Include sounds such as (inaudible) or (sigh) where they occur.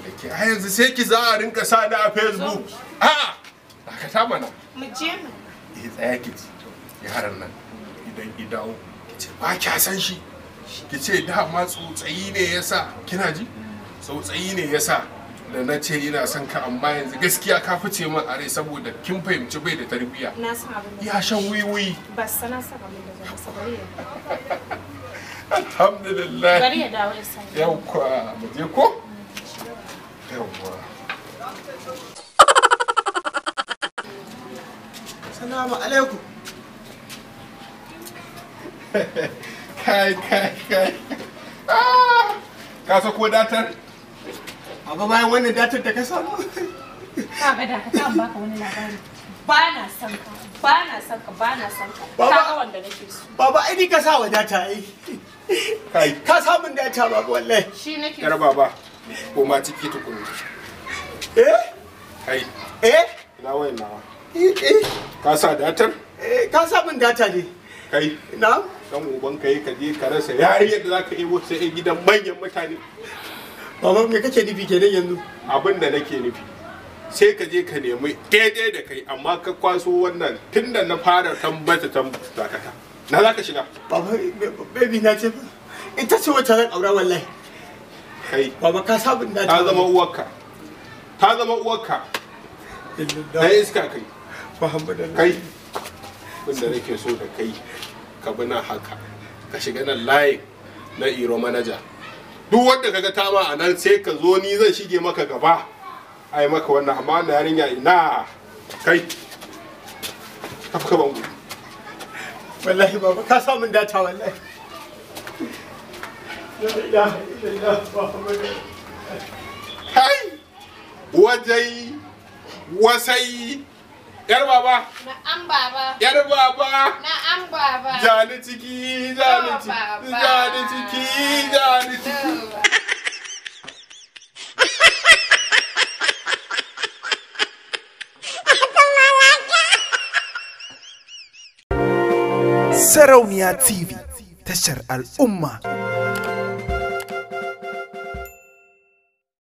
da ke yanzu sai ki za a rinka sa a facebook a ka ta mana mu je eh tsaya ki ji yaran nan idan ki dawo ki ce ba kya san shi ki ce dama tsotsayi ne ya sa. kina ji tsotsayi ne ya sa da na ce ina son ka amma yanzu gaskiya ka fice min a rai saboda kin fahimci bai da tarbiyya ya shan wiwi ba sana saba min da zan (laughs) alhamdulillah bari ya dawo ya sani yau kwa mu je ko yawwa (laughs) salamu alaikum (laughs) kai kai kai ah! ka sako datar abu bayan wannan datar da ka samu ba (laughs) da ka kan baka wani labari ba na son ka ba na son ka ba na son ka ka wanda nake so baba ai ni ka sa wa data ai ka samu data ba wallahi shi nake yar baba ko ma ciki tukuru eh kai eh ina wayan nawa eh eh ka sa datan? eh ka sa min data ne kai na dan uban kai ka je ka rasa yari yadda zaka ebo sai ai gidan manyan mutane baba me kake nufi kenan yanzu abin da nake nufi sai ka je ka nemi daidai da kai amma ka kwaso wannan tun da na fara tambata tambata na za ka shiga baba baby na ce ita ce wacce zan aura wallahi kai ba ka sabin da ta zama uwarka ta zama uwarka da iska kai muhammadu kai abin nake so da kai ka bi haka ka shiga nan layin na iro manaja duk wanda kaga tama a nan sai ka zo ni zan shige maka gaba a yi maka wannan amma na yarinya ina kai tafka bangu wallahi baba ka samu dace wallahi Hai! Wajai, wasai, ‘yar baba! Na'am baba! ‘Yar baba! Na'am baba! Jani ciki, jani ciki, jani ciki, jani ciki! Sarauniya TV, tashar al'umma.